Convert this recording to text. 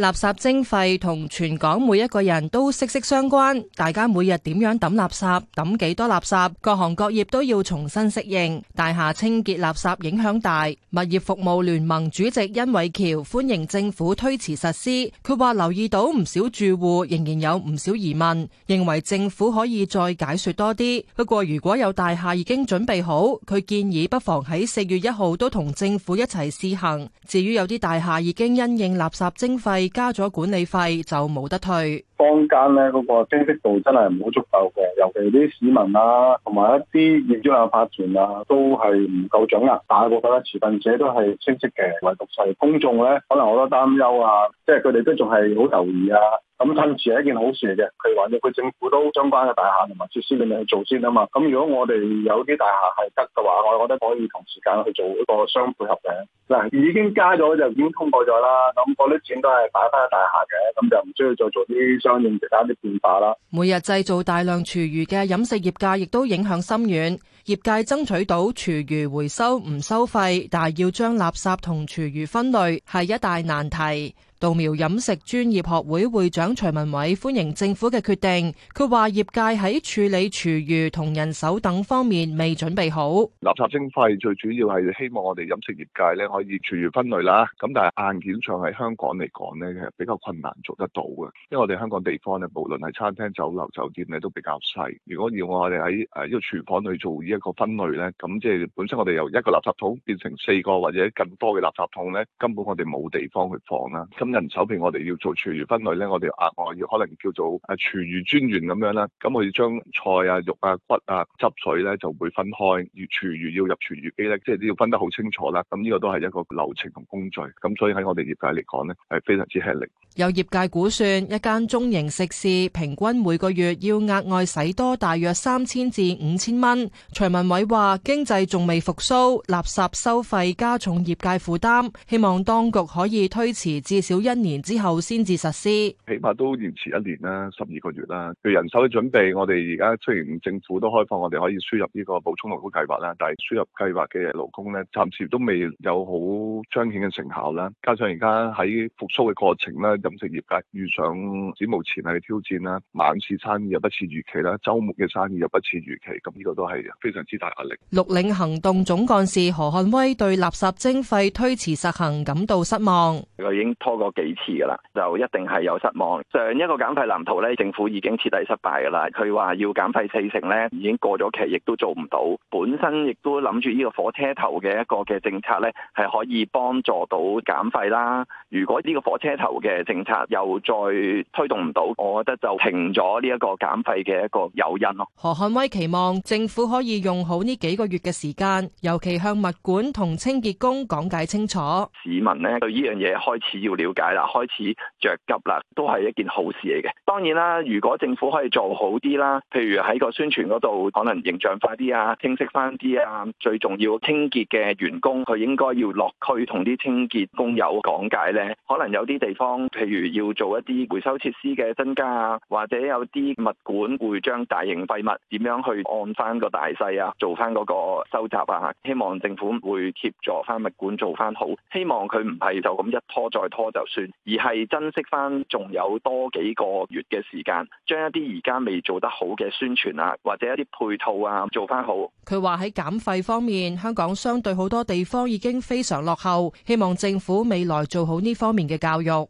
垃圾徵費同全港每一個人都息息相關，大家每日點樣抌垃圾、抌幾多垃圾，各行各業都要重新適應。大廈清潔垃圾影響大，物業服務聯盟主席殷偉橋歡迎政府推遲實施。佢話留意到唔少住戶仍然有唔少疑問，認為政府可以再解說多啲。不過如果有大廈已經準備好，佢建議不妨喺四月一號都同政府一齊試行。至於有啲大廈已經因應垃圾徵費。加咗管理費就冇得退。坊間咧嗰、那個清晰度真係唔好足夠嘅，尤其啲市民啊，同埋一啲業主啊、發傳啊，都係唔夠準啊。大家覺得持份者都係清晰嘅，唯獨係公眾咧，可能好多擔憂啊，即係佢哋都仲係好猶豫啊。咁趁住係一件好事嚟嘅，譬如話你去政府都相關嘅大廈同埋設施點樣去做先啊嘛。咁如果我哋有啲大廈係得嘅話，我覺得可以同時間去做一個相配合嘅。嗱、嗯，已經加咗就已經通過咗啦。咁嗰啲錢都係擺翻喺大廈嘅，咁就唔需要再做啲每日製造大量廚餘嘅飲食業界，亦都影響深遠。業界爭取到廚餘回收唔收費，但係要將垃圾同廚餘分類，係一大難題。稻苗飲食專業學會會長徐文偉歡迎政府嘅決定。佢話：業界喺處理廚餘同人手等方面未準備好。垃圾徵費最主要係希望我哋飲食業界咧可以廚餘分類啦。咁但係硬件上喺香港嚟講咧，係比較困難做得到嘅，因為我哋香港地方咧，無論係餐廳、酒樓、酒店咧都比較細。如果要我哋喺誒一個廚房去做呢一個分類咧，咁即係本身我哋由一個垃圾桶變成四個或者更多嘅垃圾桶咧，根本我哋冇地方去放啦。咁人手譬如我哋要做廚餘分類咧，我哋額外要可能叫做誒廚餘專員咁樣啦，咁我要將菜啊、肉啊、骨啊、汁水咧就會分開，越廚餘要入廚餘機咧，即係都要分得好清楚啦。咁呢個都係一個流程同工序，咁所以喺我哋業界嚟講咧，係非常之吃力。有業界估算，一間中型食肆平均每個月要額外使多大約三千至五千蚊。徐文偉話：經濟仲未復蘇，垃圾收費加重業界負擔，希望當局可以推遲至少，一年之後先至實施，起碼都延遲一年啦，十二個月啦。對人手嘅準備，我哋而家雖然政府都開放我哋可以輸入呢個補充勞工計劃啦，但係輸入計劃嘅勞工咧，暫時都未有好彰顯嘅成效啦。加上而家喺復甦嘅過程啦，飲食業界遇上史無前例嘅挑戰啦，晚市生意又不似預期啦，週末嘅生意又不似預期，咁、這、呢個都係非常之大壓力。綠領行動總幹事何漢威對垃圾徵費推遲實行感到失望。佢已經拖過。幾次噶啦，就一定係有失望。上一個減廢藍圖咧，政府已經徹底失敗噶啦。佢話要減廢四成咧，已經過咗期，亦都做唔到。本身亦都諗住呢個火車頭嘅一個嘅政策咧，係可以幫助到減廢啦。如果呢個火車頭嘅政策又再推動唔到，我覺得就停咗呢一個減廢嘅一個誘因咯。何漢威期望政府可以用好呢幾個月嘅時間，尤其向物管同清潔工講解清楚。市民咧，對呢樣嘢開始要了解解啦，開始着急啦，都係一件好事嚟嘅。當然啦，如果政府可以做好啲啦，譬如喺個宣傳嗰度，可能形象化啲啊，清晰翻啲啊。最重要的清潔嘅員工，佢應該要落區同啲清潔工友講解。呢可能有啲地方，譬如要做一啲回收設施嘅增加啊，或者有啲物管會將大型廢物點樣去按翻個大細啊，做翻嗰個收集啊。希望政府會協助翻物管做翻好，希望佢唔係就咁一拖再拖就，而係珍惜翻，仲有多幾個月嘅時間，將一啲而家未做得好嘅宣傳啊，或者一啲配套啊，做翻好。佢話喺減廢方面，香港相對好多地方已經非常落後，希望政府未來做好呢方面嘅教育。